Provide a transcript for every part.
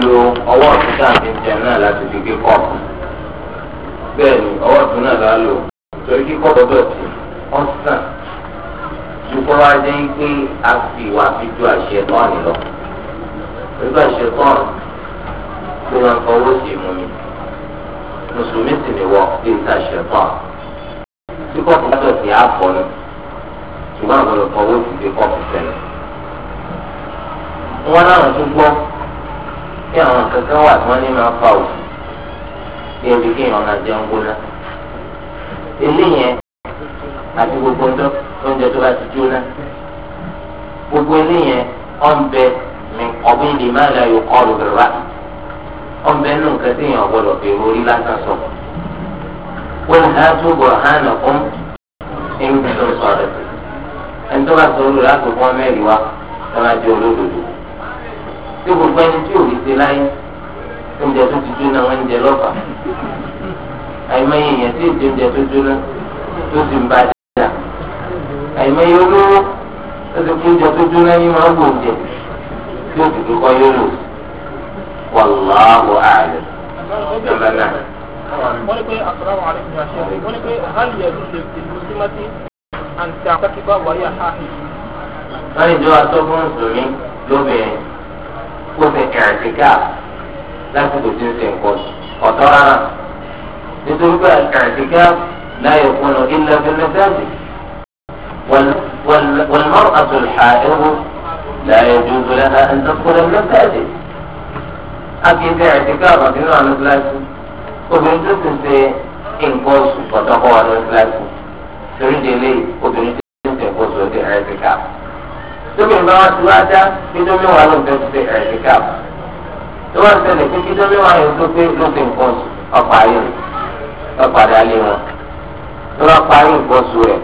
lílo ọwọ́ ọ̀tún tàbí ìjẹun náà láti fi gé kọ́ọ̀pù bẹ́ẹ̀ ni ọwọ́ ọ̀tún náà la lò torí kí kọ́ọ̀pù dọ̀tí ọ̀sán dùkọ́ wa jẹ́ pé a fi wà fi ju àṣẹ tọ́ọ̀nì lọ pẹ̀lú àṣẹ tọ́ọ̀nì ló máa ń fọwọ́ sí ìmú mi mùsùlùmí sì ni wọ́n fi ń ta àṣẹ tọ́ọ̀nì tí kọ́ọ̀pù bá dọ̀tí á fọ́ ni ṣùgbọ́n àwọn olùkọ́ wo ti fi kọ́ọ̀pù sẹ́nu wọn náà tún gbọ́. kí àwọn nǹkan wà tí wọ́n ní máa fa òfò bí ẹbí kí èèyàn máa ati gbóná eléyẹn àti gbogbo oúnjẹ tó bá gbogbo eléyẹn ọ̀nbẹ mi ọ̀gbìn lè má la yòókọ́ lóra ọ̀nbẹ nù nǹkan tí èèyàn gbọdọ̀ orí lásán sọ wọ́n há tó bọ̀ há nà fún ẹ̀rù tó sọ̀rọ̀ ẹ̀ńtọ́ bá sọ̀rọ̀ láti ọmọ ẹ̀rí wa ẹ̀ jẹ́ olódodo. tí gbogbo ẹni tí ò lè láyé oúnjẹ tó ti jóná wọn ń jẹ lọ́fà àìmọye èèyàn tí èdè oúnjẹ tó jóná tó sì ń bá dà àìmọye olówó tó ti kó oúnjẹ tó jóná yín máa ń gbò oúnjẹ tí ó sì kíkọ́ yóò lò wàláhù àlẹ́ nàmà wọ́n ní pé asalaamu alaykum ya ṣe wọ́n ní pé hali lè kó ní ẹ̀ẹ́dẹ́gà lásìkò tí ń ṣe nǹkan ọ̀tọ̀ rárá nítorí pé ẹ̀ẹ́dẹ́gà láyé fún un ilẹ̀ fúnmẹ́tẹ́ẹ̀sì wàlmọ́rọ̀ àtúnṣe ẹ̀rú láyé dúdú lẹ́nà ẹ̀ńdọ́kùnrin mẹ́tẹ́ẹ̀sì. akéde ẹ̀ẹ́dẹ́gà àbàdínú àná gíláàsì obìnrin tó ti ṣe nǹkan oṣù pọ̀tọ́kọ́ àná gíláàsì torí délé obìnrin tó ti ṣe nǹkan oṣù ọdẹ ẹ̀ẹ́dẹ́gà tóbi ń bá wá sí wá dá kíjọ́ mẹ́wàá ló ń bẹ ṣe ẹ̀ẹ́dẹ́gà tó wá ń ṣẹlẹ̀ pé kíjọ́ mẹ́wàá yẹn tó pé ló fi nǹkan oṣù ọ̀pá ayé rẹ̀ ọ̀pá dalé wọn tó bá parí nǹkan oṣù rẹ̀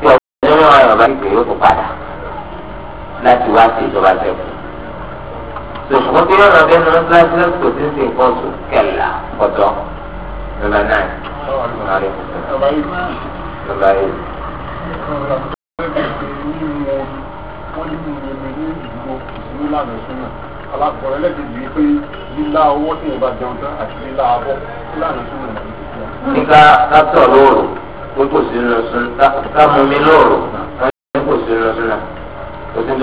tí ọ̀pá mẹ́wàá yẹn ọ̀bá ìgbè yóò kó padà láti wá sí ìjọba sẹ́kù sòṣùpọ̀ kí lọ́nà bẹ́ẹ̀ náà láti lọ́sọ̀tò tí ń ṣe nǹkan oṣù kẹlà ọ̀dọ́ nọ́mbà náà nọ́mbà yìí. ìrìnlẹ̀ ní ìgbò nílànà ìṣúná alákọ̀ọ́rẹ́ lẹ́gbẹ̀ẹ́ yìí pé lílá owó tí mo jẹun tán àti lílá abọ́ nílànà ìṣúná nígbà látọ̀ lóòrò pé kò sí nínú súnà kámúmi lóòrò wọ́n kò sí kò sí mẹ́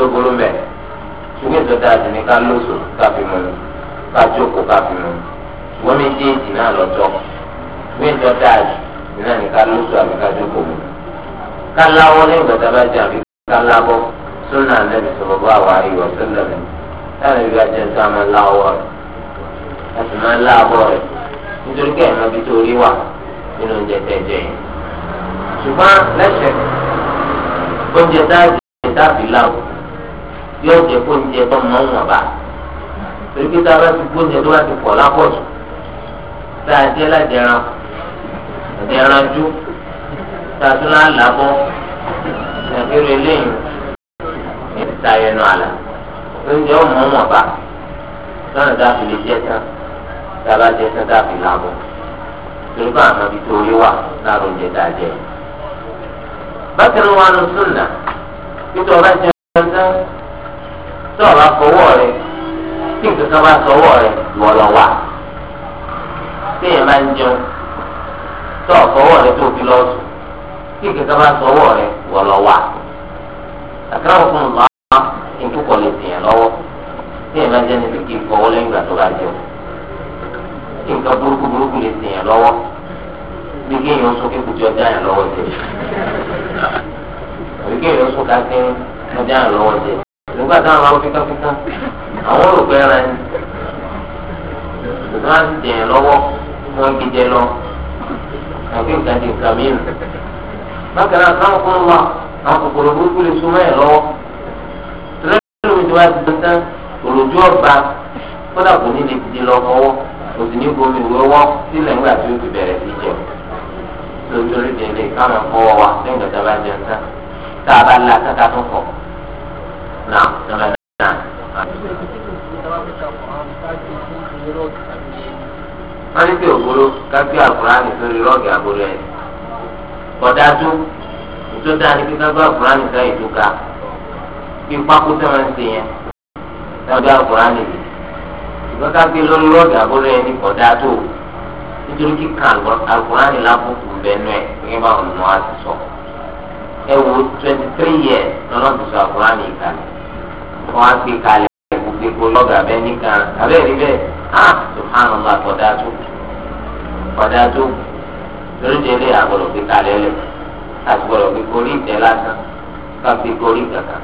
ṣùgbọ́n ní ká lóṣù ká ká súnà nẹ́bí sọ̀rọ̀ bá wà ìwọ̀ sílẹ̀ mi láàrin ìgbà jẹ́ sọ àmọ́ láwọ̀ rẹ̀ a sì máa láàbọ̀ rẹ̀ nítorí kẹ́ ẹ̀ mọ ibi tó rí wà nínú oúnjẹ tẹ̀jẹ̀ yìí. ṣùgbọ́n lẹ́sẹ̀ oúnjẹ dáàbì dáàbì láwọ̀ yóò jẹ́ kó oúnjẹ tó mọ́ wọn bá torí pé tá a bá ti gbóúnjẹ tó bá ti pọ̀ lápọ̀jù tá a jẹ́ lájẹran ẹ̀dẹ̀ranjú tá a tún láǹlà bọ́ ẹ̀kẹ́rẹ́ lẹ́yìn. ta ẹnu àlà oúnjẹ ọmọ ọmọ bá lọ́nà tá a fi lè jẹ tán tá a bá jẹ tán tá a fi làbọ̀ torí bá àmọ́ ibi tó rí wà láàrú oúnjẹ tá a jẹ. ọba jẹ ọ̀hún tán ọba fọwọ́ rẹ tí nǹkan kan bá èèyàn lọ́wọ́ tí èèyàn jẹ́ níbi kí fọwọ́ lẹ́yìn ìgbà tó bá jẹun kí nǹkan burúkú burúkú lè ṣe èèyàn lọ́wọ́ bí kí èèyàn sún kí kùtì ọjà yàn lọ́wọ́ jẹ àbí kí èèyàn sún kásí ọjà yàn lọ́wọ́ jẹ nígbà táwọn máa ń fínkánfínkán àwọn olùkọ́ ẹran ni ṣùgbọ́n àti jẹ̀yàn lọ́wọ́ wọn kì jẹ lọ àbí nǹkan ti nǹkan mìíràn bákan náà káwọn kọ́ lọ́wọ́ àwọn kòkòrò burúkú lè sún mọ́ ẹ̀ lọ́wọ́. tí wọ́n òròjú ọba kódà kò ní lè di lọ fọwọ́ kò sì ní bomi wọ́wọ́ sílẹ̀ ńgbà tí ó ti bẹ̀rẹ̀ sí jẹ lórí délé káwọn fọwọ́ wa lẹ́yìn ìgbà bá jẹun tán tá a bá la tó kọ̀ náà náà. wọ́n ní kí ògbóró kájú rọ́ọ̀gì àbúrò ẹ̀ kí kájú ìpapò tí wọ́n ń ṣe yẹn lọ́dọ̀ àkùrán nìyí ṣùgbọ́n ká gbé lórí lọ́ọ̀dì àbúrò yẹn ní kọ̀dá tó nítorí kíkà àkùrán nìyí lábùkù bẹ́ẹ̀ nù ẹ̀ gẹ́gẹ́ bá wọn nù wá ti sọ ẹ wo twenty three years lọ́nà tó sọ àkùrán nìyí kalẹ̀ wọ́n á gbé kalẹ̀ gbogbo lọ́ọ̀dì abẹ́ nìkan abẹ́ rí bẹ́ẹ̀ ah subhanallah kọ̀dá tó kọ̀dá tó lórí délé àgbọ̀dọ̀ gbé kalẹ̀ lẹ̀ àgbọ̀dọ̀ gbé korí ìtẹ́ lásán ká gbé korí kankan.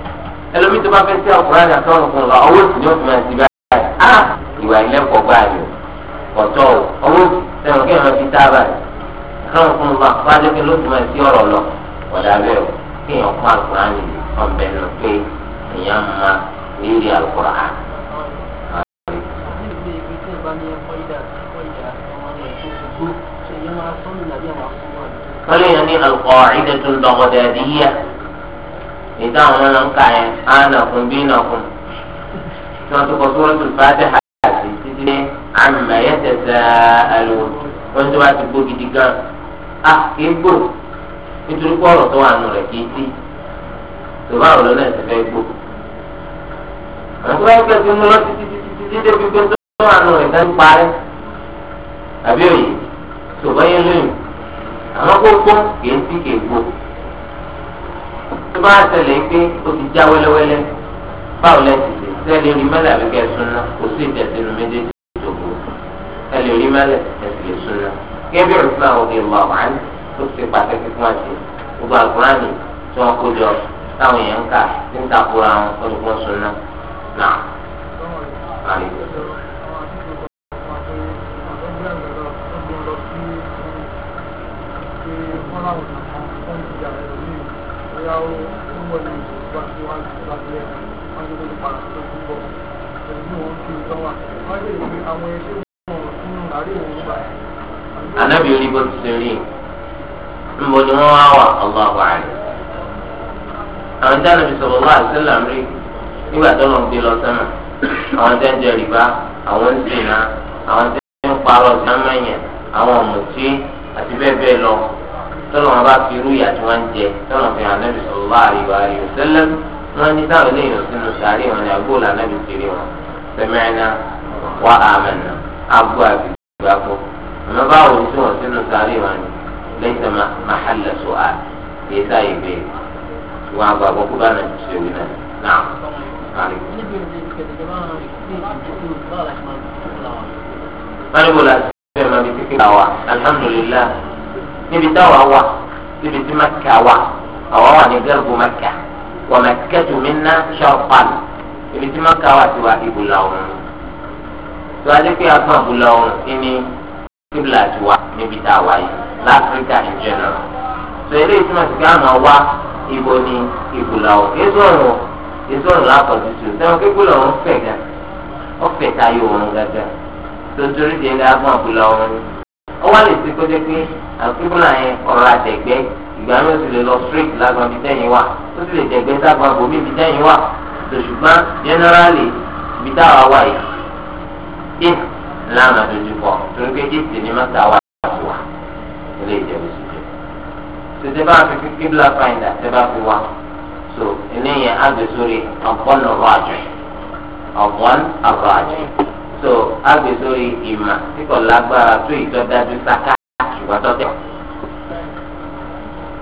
ẹlòmí tó bá fẹ́ sí ọkùnrin àtọ́nù fún lọ ọwọ́ sì ni ó fi máa ti báyìí á ah! ìwà ìlẹ́kọ̀ọ́ báyìí ọ̀tọ̀ ọwọ́ sẹ́wọ̀n kí ẹ̀rọ fi tá báyìí àtọ́nù fún lọ bá jẹ́ kí ló fi máa ti ọ̀rọ̀ lọ ọ̀dà bẹ́ẹ̀ o kí èèyàn kọ́ àkùrán ni ọ̀bẹ nù pé èèyàn máa rírì àkùrán. wọ́n lè yan ní alùpùpù ìdẹ̀tún lọ́gọ́dẹ̀ẹ́dìyà èyí táwọn náà ń kà yẹn á nà fún bí nà fún tí wọ́n ti kọ́ Suratul Fatiha àti títí dé amma yatasa'alun wọ́n ti wá ti gbó gidi gan a ah, kì í gbó nítorí pé ọ̀rọ̀ tó wà nù rẹ̀ kì í tí tòbá ọ̀rọ̀ náà ti fẹ́ gbó àwọn tó bá yẹ kẹ́kẹ́ mú lọ títí títí títí débi pé tó wà nù rẹ̀ gan parí àbí òye tòbá yẹn lóyún àwọn kó gbó kì í tí kì í gbó tó bá tẹ̀lé pé o ti já wẹ́lẹ́wẹ́lẹ́ báwo lẹ́sìn lè tẹ́lẹ̀ rí mẹ́lẹ̀ àbí kẹ́ sún náà kò sí ìtẹ̀sínú méjèèjì ìjòkó tẹ́lẹ̀ rí mẹ́lẹ̀ ẹ̀sìn lè sún náà. gẹ́gẹ́ bí ọ̀sán òde ìwà wàhán tó ti pàtàkì fún wa gbogbo àgùránì tí wọ́n kó jọ táwọn èèyàn ń kà ní ìtakùrọ̀ àwọn olùkọ́ sún náà. bóyá ó ń wọ ní ìgbà tí wọ́n ti gbà sílẹ̀ wọ́n ti gbọ́dọ̀ padà sí ọdún bọ̀ pẹ̀lú òun ti ń tọ́wà wọ́n lè fi àwọn ẹṣẹ́ wọn nínú àárẹ̀ òun fi sọ̀rọ̀ wá àṣẹlá rí nígbà tó gbé lọ àwọn jẹ rìbá àwọn tọ́nà wọn bá fi irú ìyá tí wọ́n ń jẹ tọ́nà fi hàn nẹ́bí sọ̀rọ̀ àríwá àríwá sẹ́lẹ̀ wọ́n ní táwọn eléyìí ò sínú sàárè wọn ni àgbo là nẹ́bí kiri wọn sẹ́mẹ́ẹ́nà wà àmẹ́nà àgbo àti ìgbàgbọ́ àmọ́ báwo ni tí wọ́n sínú sàárè wọn ni lẹ́sẹ̀ mahalla sọ́à yìí sáyé bẹ́ẹ̀ wọn àgbàgbọ́ kó bá nàbí ṣe wí náà náà kárí. wọ́n ní bó la ṣe fẹ́ níbi táwa wà níbi tí mẹ́kà wà àwa wà ní gẹ́rùbù mẹ́kà wà mẹ́kà tó mi ná níbi tí ti wà ìbùlà òun tó a lè pe agbọ̀n ìbùlà òun ní kíbla ti wà níbi táwa yìí láfíríkà in general tó eléyìí tí wọ́n ni ìbùlà òun èso òun èso òun lápọ̀jù tó sẹ́wọ̀n kíkúlọ̀ òun fẹ̀ gan ọ̀fẹ́ tayọ òun tó torí di ìbùlà òun ó lè ti àkíbùlà yẹn ọ̀rọ̀ àtẹ̀gbẹ́ ìgbà yóò sì lè lọ straight lágbọn bí tẹ́yìn wà ó sì lè tẹ̀gbẹ́ sábà bòmí bí tẹ́yìn wà ṣùgbọ́n generally bí táwa wà yìí it lánàá dojú kọ torí pé it ní má táwa wà ilé ìjẹun sì jẹ. tètè bá fi kíbla find àti bá fi wá so eléyìí agbésórí ọ̀pọ̀n ọ̀rọ̀ àjọ ọ̀pọ̀n ọ̀rọ̀ àjọ so agbésórí ìmà tí kò lágbára tó ìjọ dájú sáká ìgbàdọ́ bẹ́ẹ̀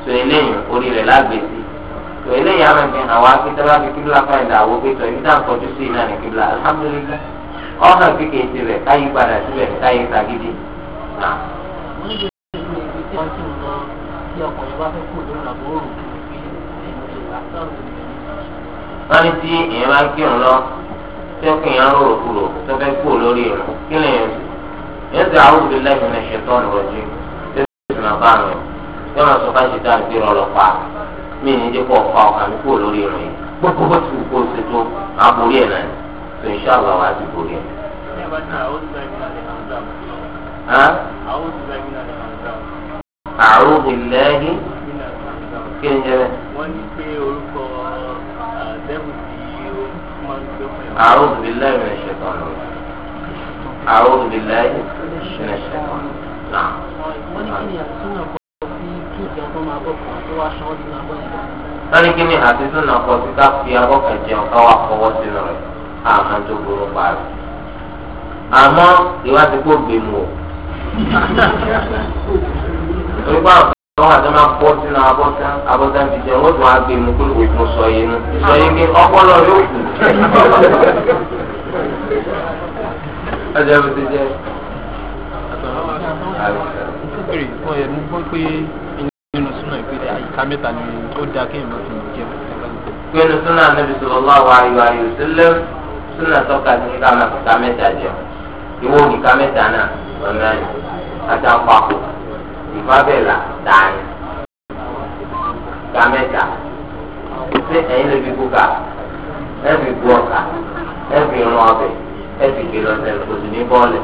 tó eléyìí orí rẹ̀ lágbèsí tó eléyìí àwọn ẹ̀fẹ̀ hàn wá pé tẹ́lá fi kíbla fáyìn dà wó pé tọ̀ ibi náà kọjú sí iná ní kíbla alhamdulilá ọ̀hàn fi kéèké rẹ̀ káyí padà síbẹ̀ káyí sagídí náà. wọ́n ní tí èèyàn bá kírun lọ tí ó kìyàn ń rorò kúrò tó fẹ́ kúrò lórí rẹ̀ kí lè yẹn sọ. yẹn sọ àwọn òbí lẹ́yìn ẹ̀ṣẹ̀ tó ń rọ̀ jù ìmọ̀ bá lọ yọ máa sọ fáṣí dáa sí rọrọ pa mí ní dípò ọ̀pá ọ̀kà mi kúrò lórí rẹ̀ gbogbo bó ti wù kó ṣe tó máa borí ẹ̀ náà tó ń ṣe àgbà wá sí borí ẹ̀. A'udhu billahi kí ni jẹ́ wọ́n ní pé orúkọ dẹ́kun tí ó máa ń gbé fún ẹ̀. A'udhu billahi minash shaitani. A'udhu billahi wọ́n kí ni àti súnà kọ sí ká fi abọ́ kan jẹun ká wá fọwọ́ sínú rẹ̀ àmọ́ tó burú parí. àmọ́ ìwádìí kò gbé mu o. torí pé àwọn àwọn àti máa bọ́ sínú abọ́tá abọ́tá ti jẹun ó tún á gbé mu pé kò tún sọ yé nu ọpọlọ yóò kù. ọjọ́ bí ti jẹ́. béèrè fún ẹ mú gbọ́ pé nínú súnà pé àyíká mẹ́ta ni ó dáa kí èèyàn fi jẹ pé nínú súnà níbi sọ̀rọ̀ lọ́wọ́ àyọ̀ àyọ̀ sílẹ̀ súnà tọ́ka sí ká máa mẹ́ta jẹ ìwọ òkìkà mẹ́ta náà ọ̀nà ìfábẹ́là mẹ́ta ṣé ẹ̀yin lè fi kúkà gbọ́ ọ̀kà rún ọbẹ̀ gbé lọ́sẹ̀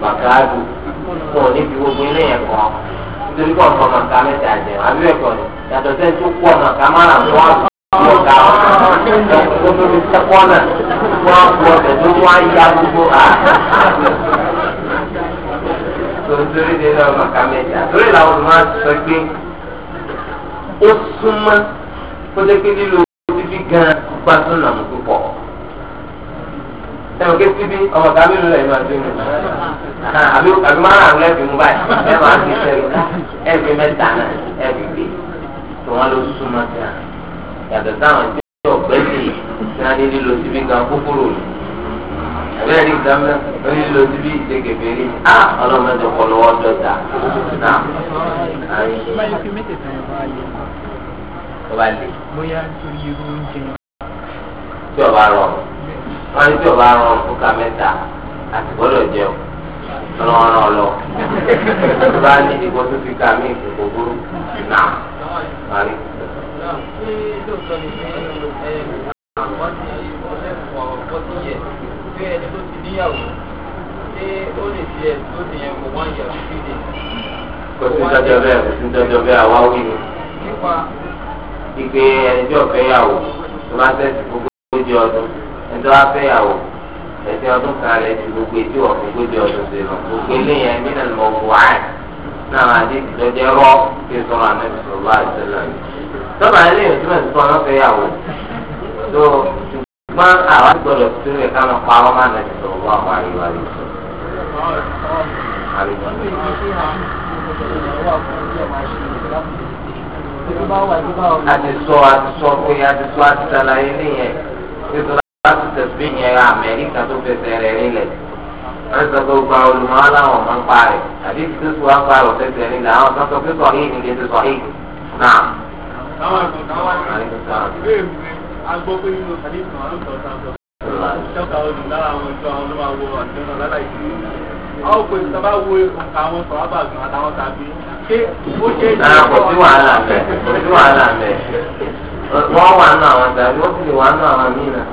màkàdù kò ọ fi gbogbo ilé yẹn kọ́ nítorí kọ́ ọ̀pọ̀ màkà mẹ́ta jẹ àbí ẹ̀kọ́ ni yàtọ̀ sẹ́ni tó kọ́ maka márùn tó wà lọ ká ó tó fi sẹ́kọ́ náà wọ́n tó nítorí torí sọ pé ó kó lílo sẹ́wọ̀n ké síbi ọmọ ká mi lulẹ̀ máa gbé mi àbí àbí máa rà lẹ́bi mú báyìí ẹ máa fi sẹ́yìn ẹ̀bi mẹ́ta náà ẹ̀bi gbé tí wọ́n lọ súnmọ́ sí à yàtọ̀ sáwọn tí ọ̀gbẹ́ sì tí wọ́n ní lílo síbi gan kúkúrò ni àbẹ́rẹ́ ní gan mẹ́ wọ́n ní lílo síbi ìdẹ́gẹ̀ bèrè á ọlọ́mọ ẹ̀jọ̀ kọ́ lọ́wọ́ dọ́ta náà. ọba lè. bóyá torí irú oúnjẹ. tí ọba rọrùn wọn ní tí o bá rán fúkà mẹ́ta àti gbọ́dọ̀ jẹ o lọ́wọ́n rán lọ tó bá ní ìdìbò tó fi ká mí ìkókó burú náà parí. kò sí dọ́jọ́ bẹ́ẹ̀ kò sí dọ́jọ́ bẹ́ẹ̀ àwa wí ni. ìpè ẹni tí ọ̀fẹ́ yà wò tó bá tẹ̀sí gbogbo ojú ọdún ẹjọ́ afẹ́yàwó ẹjọ́ ọdún kan rẹ̀ ti gbogbo etí wọ̀ fún gbogbo ọdún sí lọ gbogbo eléyàn mí nà lọ wọ àì náà àti ìtọ́jẹ́ rọ́ kí sọ̀rọ̀ ànábì sọ̀rọ̀ bá àṣẹlẹ̀ tọ́ba eléyàn túmọ̀ sí fún ọlọ́fẹ́yàwó tó ṣùgbọ́n àwa gbọ́dọ̀ tó rẹ̀ ká lọ pa ọmọ ànábì sọ̀rọ̀ bá wà ní wàlú àti sọ àti sọ pé àti sọ àti sàlàyé nìyẹn ìyẹn amẹ́ríkà tó fẹsẹ̀ rẹ̀ nílẹ̀ wọ́n sọ pé gbogbo àwọn olùmọ̀ aláwọ̀ máa ń pa rẹ̀ àbí tó sọ wá pa rẹ̀ fẹsẹ̀ nílẹ̀ àwọn kan sọ pé sọ yìí nìkan ti sọ yìí náà. táwọn ẹ̀sán táwọn ẹ̀sán ìbéèrè mi ni a gbọ́ pé nínú àdéhùn àwọn ọ̀sán ọ̀sán ọ̀sán ṣọ́ka olù lára àwọn ìjọ àwọn ló máa wo àdéhùn ọ̀làlá ìdílé àwọn òpè tó bá wo nǹkan àwọn sọ̀rọ̀bà gan àtàwọn tàbí ṣé ó ṣe é. ara kò sí wàhálà mẹ́ kò sí wàhálà mẹ́ wọ́n wà nù àwọn tàbí ó sì wà nù àwọn míì náà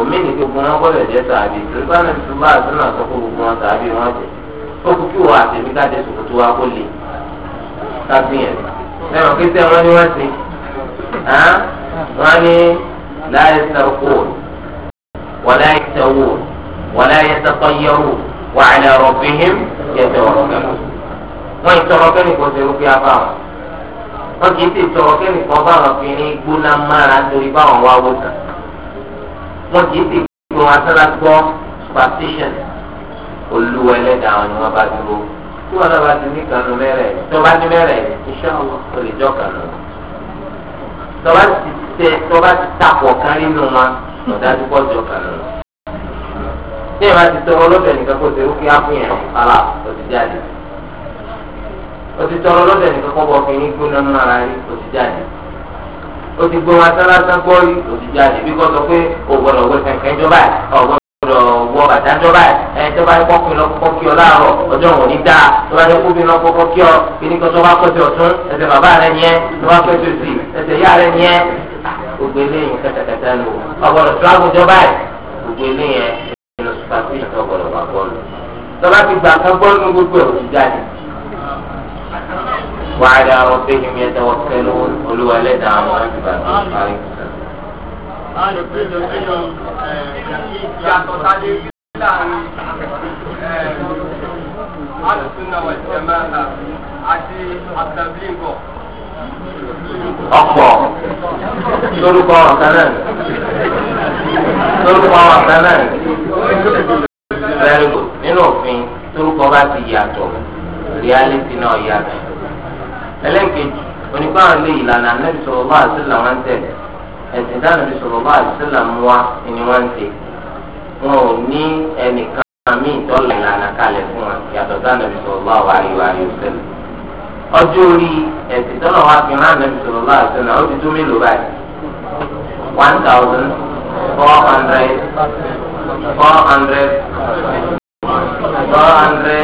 omi ní gbogbo wọn gbọ́dọ̀ jẹ sàbí tòlúbà náà tó bá àtúnà sọ pé gbogbo wọn sàbí wọn jẹ ó kú kí wọn àtẹmí káde sòkò tó wá kó lè kábíyàn ẹnì kété wọn ni wọn ti wọn ní láyé sàkó wọlé sàwó wọlé sàkó yẹwò wàhálà rọbìhìm yẹtọ wọn ìtọrọ kẹ́ni kò sí rúbí abá wọn wọn kì í sì tọrọ kẹ́ni kò bá wọn fi ní gbóná mára torí báwọn wá wò kàn wọn kì í sì gbọ́ wọn sára gbọ́ superstition olúwa ẹlẹ́dàá wọn ni wọ́n bá dúró tí wọn náà bá ti ní kanu mẹ́rẹ̀ tó bá ní mẹ́rẹ̀ iṣẹ́ wọn kò lè jọ kanu tọ́ba ti tẹ tọ́ba ti tapọ̀ kan nínú wọn lọ́dájú pọ̀ jọ kanu tí ìbá ti tọrọ lọ́dọ̀ nìkan kó serú kí á fún yẹn kálá ó jáde ó ti nìkan kó bọ̀ fi ní gbóná mọ́ ara rí ó jáde ó ti gbé wọn sálásán gbọ́ yìí òtítọ́ àti bí kò sọ pé ògbọ́dọ̀ wẹ kẹ̀kẹ́ jọba ọ̀gbọ́dọ̀ wọ bàtà jọba ẹ̀ jọba kọ́kí lọ kọ́kí ọ láàárọ̀ ọjọ́ wọn ní dáa jọba ẹ̀ kó bí lọ kọ́ kọ́kí ọ bí ní kọ́tọ́ bá pẹ́sẹ̀ ọ̀tún ẹsẹ̀ bàbá rẹ̀ ni ẹ́ jọba pẹ́sẹ̀ òsì ẹsẹ̀ yá rẹ̀ ni ẹ́ gbogbo eléyìí kẹtẹkẹtẹ lò ọ̀gbọ́dọ̀ lọ وعلى ربهم يتوكلون قل ولد àwọn ìbàdàn ọ̀pọ̀ lórúkọ ọ̀kan náà lórúkọ ọ̀kan náà very good nínú òfin lórúkọ bá ti yàtọ̀ reality náà yàtọ̀ ẹlẹ́ẹ̀kejì onígbà wọn lé ìlànà anábì sọ̀rọ̀ bá àṣìlá wọn tẹ̀lé ẹ̀sìn dáná bí sọ̀rọ̀ bá àṣìlá wa ni wọ́n ń ṣe wọn ò ní ẹnìkan mí ìtọ́lù ìlànà kalẹ̀ fún wọn yàtọ̀ dáná bí sọ̀rọ̀ bá wà ayò ayò sẹ́lẹ̀ ọjọ́ orí ẹ̀sìn tọ́lọ̀ wa fi rán anábì sọ̀rọ̀ bá àṣìlá ó ti tó mélòó báyìí one thousand four hundred four hundred lọ́wọ́ àndrẹ́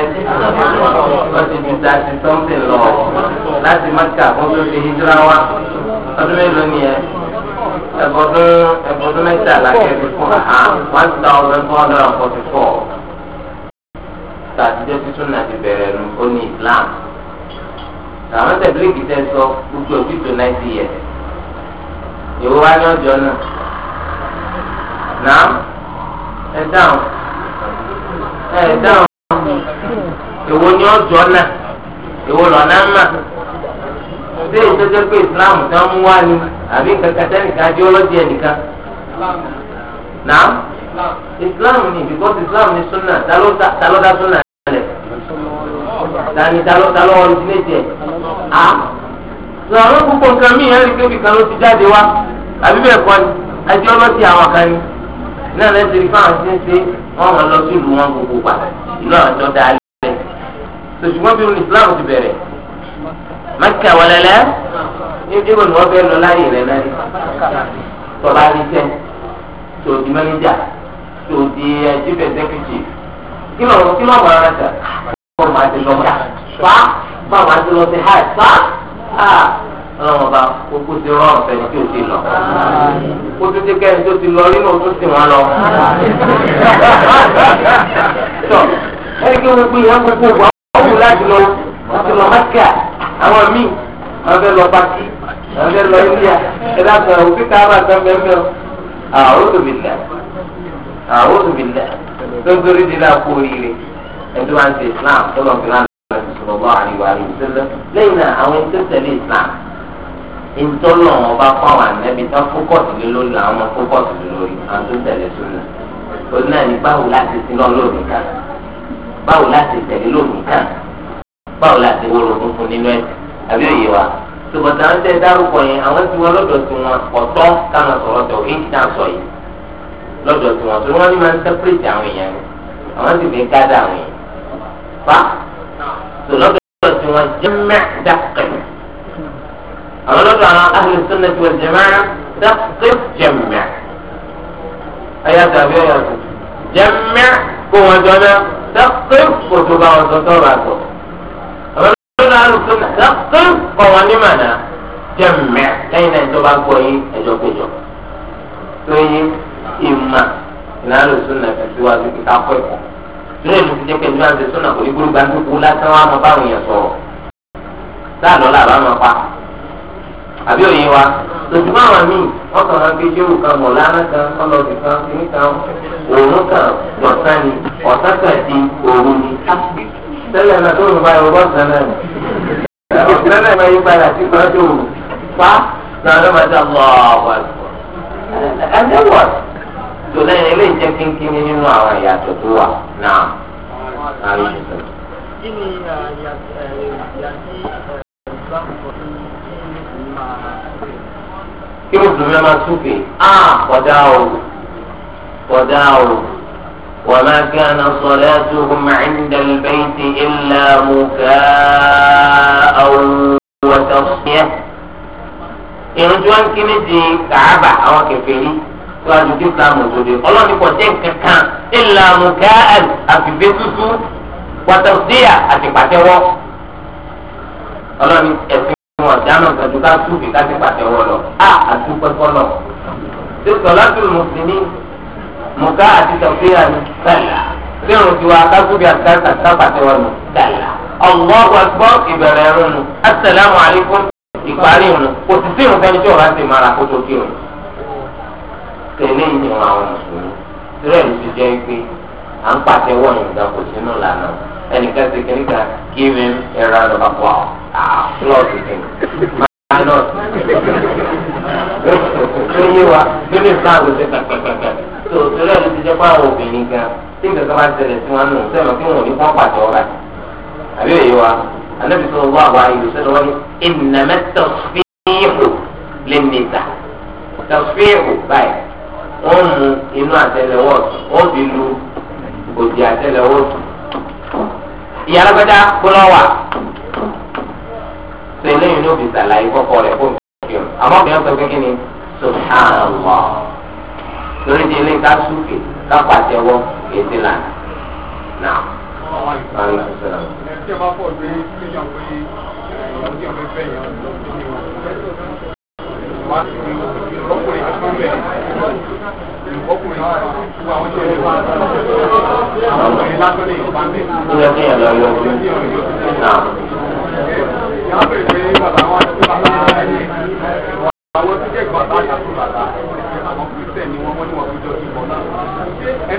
wọ́n ti fi thirty something lọ láti mẹ́kà fún tó fi hijira wa ọdún mélòó ni ẹ ẹ̀bọ̀dún ẹ̀bọ̀dún mẹ́tàlá kẹ́bi fún ha one thousand four hundred and forty four tàtijọ́ títún náà ti bẹ̀rẹ̀ nù ó ní Islam àwọn tẹ̀blíkì tẹ̀ sọ gbogbo òbí tó náà ti yẹ ìwọ wá ní ọjọ́ náà náà ẹ dáhùn ẹ dáhùn èwo ni ó jọ náà èwo lọ́nà mà ṣé ìtọ́jọ́ pé Islam tán mú wá ni àbí kankan sẹ́nìkan ideology ẹnìkan náà Islam ni because Islam ni sunna talọ́dá sunna lẹ̀ tani talọ́ ọ̀rìjìnẹ̀tì ẹ̀ a sọ̀rọ̀ púpọ̀ nǹkan mí ẹ̀rí kébi kan ló ti jáde wá àbí bẹ́ẹ̀ kọ́ ni ideology àwọn kan ni náà lẹ́sìn fáwọn ṣe ń ṣe wọ́n mọ̀ lọ sí ìlú wọn gbogbo pa ìlú àwọn sòṣùgbọ́n bí Islam ti bẹ̀rẹ̀ mẹ́kà wọlé lẹ́ ní ìdíbò ni wọ́n fẹ́ lọ láyé rẹ̀ náà tọ́ba ní tẹ́ tó di mẹ́nẹ́jà tó di chief executive kí lọ́wọ́ kí lọ́wọ́ ara ta kó máa ti lọ́wọ́ ta fa fa máa ti lọ́ọ́ ti hajj fa ọlọ́run ọba kókó ti rọrùn fẹ́ni tí o ti lọ. kó tó ti kẹ́ni tó ti lọ rí náà tó sì wọ́n lọ. tọ́ kí wọ́n gbé ìyá gbogbo wa ti lọ wọ́n ti lọ mákìá àwọn míì wọ́n fẹ́ lọ pàkí wọ́n fẹ́ lọ india ẹ̀dá kan òfin ká bá tán bẹ́ẹ̀ àwọn òbílẹ̀ àwọn òbílẹ̀ tó ń torí di náà kú oríire ẹ̀dùn wa ń ṣe islam tó lọ́n fi náà lọ́wọ́ àríwá àríwá sílẹ̀ lẹ́yìn náà àwọn ẹni tó tẹ̀lé islam ntọ́lọ̀ wọn bá fún tán fókọ̀sì lé lórí àwọn ọmọ fókọ̀sì lé lórí àwọn tó tẹ̀lé sórí òun náà ní báwo láti sin lọ́ọ́ lónìí kan báwo láti tẹ̀lé lónìí kan báwo la ti wọ́n lọ́dún fún nínú ẹ̀sìn àbí òye wa tòbọ̀tà ń tẹ dárúkọ yẹn àwọn tí wọn lọ́dọ̀ tí wọn ọ̀tọ́ táwọn sọ̀rọ̀ tọ̀ èyí náà sọ yìí lọ́dọ̀ tí wọn torí wọn ní máa ń sẹ́pẹ̀rẹ̀tì àwọn èèyàn ni àwọn sì fi ń gádà àwọn èèyàn fa tò lọ́dọ̀ tí wọn jẹ́mẹ́ dàkẹ́ àwọn lọ́dọ̀ àwọn ahlu sunnah tí wọn jẹ́mẹ́ dàkẹ́ jẹ́mẹ́ ayáta àbí ọ̀yà jẹ́mẹ́ kó wọn jọ náà dàkẹ́ kó tó bá wọn sọ lọ́dọ̀ àlùkò náà tó kọ́ wọn ní màná jẹ́ mẹ́ lẹ́yìn náà ìjọba gbọ́ yín ẹjọ́ péjọ. lóyún ìmà ìnáàlù súnà tẹ̀síwájú kíkà kọ́ ẹ̀kọ́. lórí ìlú ti jẹ́ pé ìjọba ti súnà kò ní gbúrú gbàgbé kú lásán wọn á mọ báwọn yẹn sọ̀rọ̀. láàlọ́ làbá máa pa. àbí òye wa lójúmọ́ àwọn míì wọ́n kàn máa ń gbé jẹ́wò kan mọ̀ lánà kan ọlọ́ọ̀dì kan kìíní kan òórùn kan lọ́sàn-án ni ọ̀sán kan di òru ni. tẹ́lẹ̀ náà tó ń bá yorùbá sàn náà ọ̀sẹ̀ náà máa yí padà sí gbọ́dọ̀ fa náà ló máa dán lọ wà lọ. ẹni wọ̀ tó lẹ́yìn ilé ìjẹ́ kínkínní nínú àwọn ìyàtọ̀ tó wà náà. kí ni kí mùsùlùmí máa súnfè á ah, kọjá o kọjá o. وما كان صلاتهم عند البيت إلا مكاء وتصفية ìrìnjú ankini di kaaba àwọn kèfèrí síwájú kí islam òjòdè ọlọ́ọ̀ni kò jẹ́ kankan ìlà mùkáàd àfìgbé tútù wàtàkùdíyà àti pàtẹ́wọ́ ọlọ́ọ̀ni ẹ̀sìn wọn dáná ìtọ́jú ká túbì ká ti pàtẹ́wọ́ lọ á àdúgbò kọ́lọ̀ ṣé sọ̀lá tó lù Muka àti tọ̀fíà ni kàlà rírun tiwa kákúbi àtàkà sábàtẹ́wọ̀ nù kàlà Allahu akbar ìbẹ̀rẹ̀ ẹ̀rọ nù asalaamu alaykum ìparí nù kò sì sí ìrùfẹ́ni tí òun á ti mara kó tó kí nù. tẹ̀lé ìyẹn àwọn mùsùlùmí rẹ̀ ló ti jẹ́ pé à ń pàtẹ́wọ̀ nù ìgbà kò sínú lànà ẹnìkan ti kí níta kí mi ẹ̀rọ àdàbàpọ̀ àfúlọ̀ọ̀sì kìnnì náà ló yé tó torí ẹ̀ ló ti jẹ́ pé àwọn obìnrin gan tí nǹkan kan bá ṣẹlẹ̀ sí wọn nù sẹ́wọ̀n kí wọn ò ní kọ́ pàtó ọ̀rá àbí òye wa anábì sọ wọ́n àwọn àyè ìṣẹ́lẹ̀ wọn ní ìnàmẹ́ tọ̀sífìhù lè nìta tọ̀sífìhù báyìí wọ́n mú inú àtẹlẹwọ́ wọ́n fi lu òdì àtẹlẹwọ́ ìyàrá sẹlẹyìn ló fi sàlàyé kọkọ rẹ fún mi àmọ́ kìí ọsọ pé kí ni subhanallah torí di ilé ká súkè ká pàtẹ́wọ́ ètè lànà náà. Ẹ ti ọba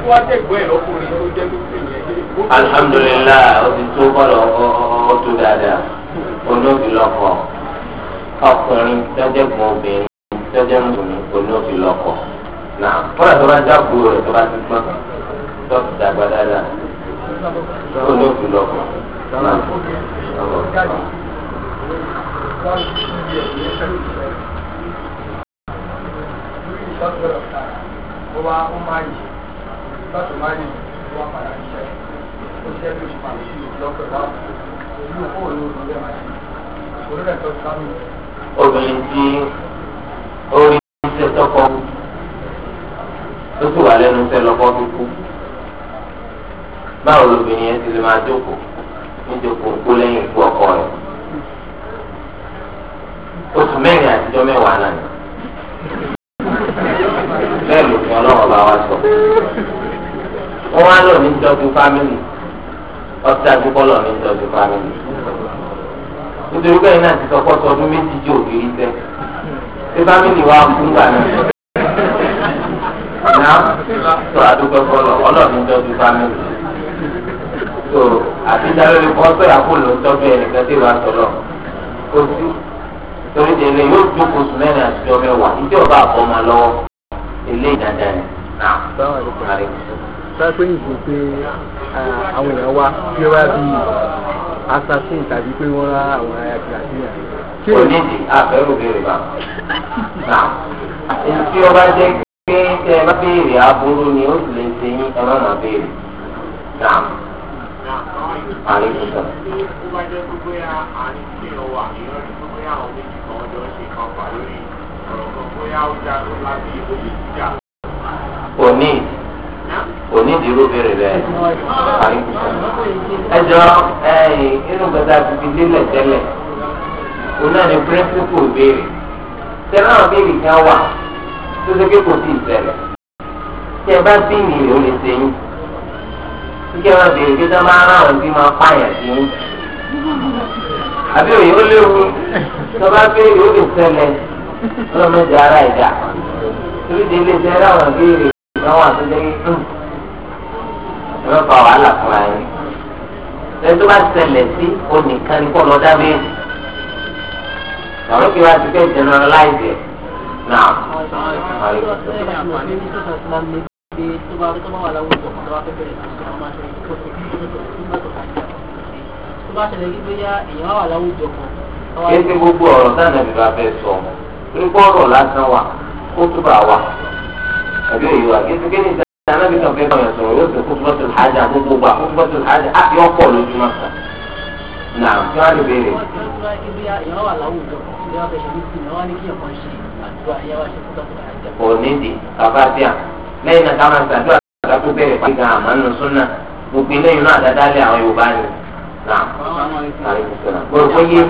tó wá tẹ̀gbọ́ ẹ̀ lọ́kùnrin tó jẹ́ tó fi yẹn. alhamdulilayi o ti tó bọ́lọ̀ o tó dáadáa olóògbé lọ́kọ ọkùnrin tọ́jẹ́gbọ́n obìnrin tọ́jẹ́mùsùnmí olóògbé lọ́kọ náà kọ́lá tó bá dáàbò rẹ̀ tó bá ti gbọ́n tó ti dàgbà dáadáa olóògbé lọ́kọ náà láti máa ní ìlú wa padà ṣiṣẹ́ ó ṣiṣẹ́ tó ṣe máa ṣe lọ́kọ̀ láàbù inú kó ló ló lẹ́ máa ṣe olóòrẹ̀ tó sámi. obìnrin tí ó rí iṣẹ́ tọkọ tó sì wà lẹ́nu iṣẹ́ lọ́kọ́ kíkú báwo lobìnrin yẹn ti lè máa jókòó níjókòó kú lẹ́yìn ikú ọkọ rẹ̀ oṣù mẹ́rin àtijọ́ mẹ́wàá náà bẹ́ẹ̀ lòfin ọlọ́run bá wa sọ wọn wá lọ ní tọ́jú fámìlì ọtí àdúgbọ́lọ̀ ní tọ́jú fámìlì nítorí bẹ́ẹ̀ náà ti sọkọ́ sọdún méjì jẹ́ òbírí sẹ́ ṣé fámìlì wa kú gbà náà náà tó àdúgbò fọlọ ọlọ́ọ̀ni tọ́jú fámìlì tó àtijọ́lórí kọ́ sọ̀rọ̀ àpòlò tọ́jú ẹnìkan tí wàá sọ̀rọ̀ kò sí torí délé yóò jókòó sùn mẹ́rin àti ọmọ ẹ̀wà ìdí ọba àkọ́mọ lọ́wọ́ ilé ìdàdà ẹ̀ náà sápẹ́ nìkan pé àwọn èèyàn wa bí wá bí assassin tàbí pé wọ́n rá àwọn ará kìlàsíyà. onídìí àfẹ́rù bèrè bá èyí tí ó bá jẹ́ pé tẹ́ ẹ bá béèrè aburú ni ó sì lè ṣe yín ẹ má máa béèrè. Àlékún sọ onídìíró béèrè rẹ ẹjọ ẹyìn inú gbẹdà tuntun délẹ̀ tẹ́lẹ̀ oná ni píríncípù béèrè tẹ́lẹ̀ àwọn béèrè kan wà tó ṣe pé kò sí ìṣẹ̀lẹ̀ tẹ́ bá bí mi ò lè ṣe yín kíkẹ́ wọn béèrè pé tá máa rán àwọn tí máa pààyàn sí yín àbí òye ó léwu tó bá béèrè ó lè ṣẹlẹ̀ ọlọ́mọdé ara ìjà torí délé tẹ́lẹ̀ àwọn béèrè kan wà tó ṣe yín ìwé fa wàhálà fúnra yín lẹ́yìn tó bá ṣẹlẹ̀ sí onìkan ní kọ́ lọ dá béèrè àwọn kí wọ́n ti fẹ́ generalize ẹ̀ náà. Kéde gbogbo ọ̀rọ̀ sáà nàbí bá fẹ́ sọ, gbogbo ọ̀rọ̀ lásán wà, ó túbà wà. Ẹ̀bí òyìnbó àgẹ́sí kéde ìjà nàbí kan fẹ́ bá yàn sọ̀rọ̀ yóò sì kó tó hajj gbogbo gbà fún gbọ́dọ̀ hajj á yọ pọ̀ lójúmọ́ kan. nà kí wọ́n á lè béèrè. òní di bàbá bíà lẹ́yìn náà táwọn àgbàdo àgbà tó bẹ̀rẹ̀ pàdé gan àmọ́ nù súnà gbogbo lẹ́yìn náà àdáda lé àwọn Yorùbá ni. nà gbogbo yé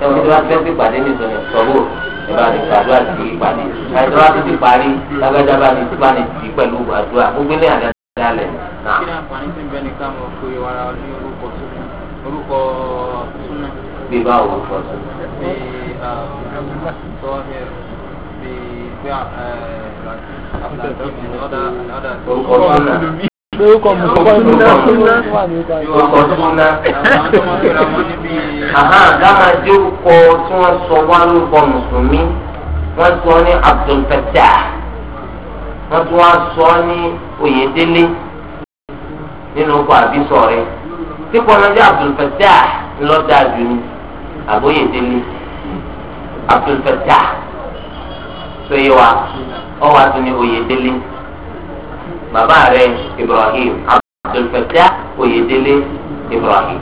ẹni tó bá fẹ́ sí pàdé ní ìsọ̀rọ̀ sọ̀rọ̀ ìbá ní gbàdúrà sí ìpàdé ẹni tó bá tún ti parí lágbájá bá ní sípà ní ti pẹ̀lú àdúrà gbogbo ilé àdá jálẹ̀ náà. kí ni àǹfààní tí ń bẹ ní káàmù pé wàrà ní orúkọ súnmọ́ orúkọ súnmọ́. bí báwo orúkọ súnmọ́. bí uh, sọ́ọ́hìn bí bí àfúlàtọ́bì ọ̀dà ọ̀dà. orúkọ súnmọ́. orúkọ mùsùlùmí orúkọ súnmọ́. dáhà dé orúkọ tí wọ́n sọ wá lórúkọ mùsùlùmí wọ́n sọ ní Abdul Fattah wọ́n tún wá sọ ọ́ ní Oyèdélé nínú ọkọ̀ àbísọ rẹ̀ tí kọ́nọ́jà Abdulfatah ńlọ́dà jù ní àbóyèdélé Abdulfatah tó yé wa ọ́ wá tún ní Oyèdélé bàbá rẹ̀ Ibrahim Abdulfatah Oyèdélé Ibrahim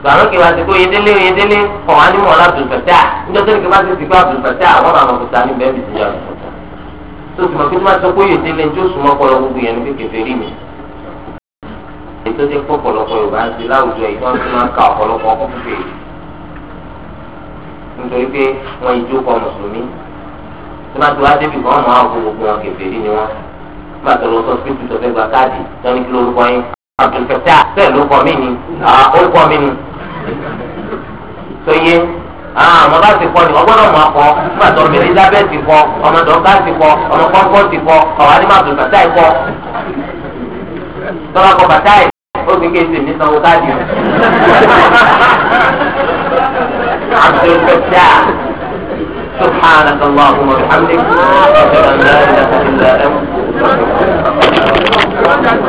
gbàrún kí wá sí pé oyedele oyedele ọ̀hánimọ̀ Abdulfatah níjọ́ tó ní kí wá sí sí pé Abdulfatah àwọn àmọ̀kúta ní bẹ́ẹ̀ bí ti tó sì mọ̀ pé má sọ pé yòó délé ní tó súnmọ́ ọpọlọ gbogbo yẹn ní kékeré rí mi. ètò ti pọ̀ ọ̀pọ̀lọpọ̀ yorùbá ń ti láwùjọ yìí wọ́n ti máa ń ka ọ̀pọ̀lọpọ̀ ọkọ̀ fèrè nítorí pé wọ́n ijó kọ mùsùlùmí tó bá tó wá débi kan mọ́ àwọn gbogbo wọn kékeré ni wọ́n má tọrọ sọ pé tó fẹ́ gba káàdì lọ́ní kí lórúkọ yín àbùkẹ́tà bẹ́ẹ̀ ló kọ mí ni ó kọ mí ni. sọ yé àmọ́ ah, bá ti kọ́ ni wọ́n gbọ́dọ̀ mọ̀ ọkọ̀ nígbà tó ọmọ elizabeth kọ́ ọmọ dọ̀gá ti kọ́ ọmọ pọ́ńpọ́ ti kọ́ ọ̀hún adé máa dùn bàtà ẹ̀ kọ́ tọ́lá kọ bàtà ẹ̀ ó fi kéde ní sanwó káàdì o. àbẹ̀fẹ̀tà سبحانك اللهم وبحمدك أشهد أن لا إله إلا أنت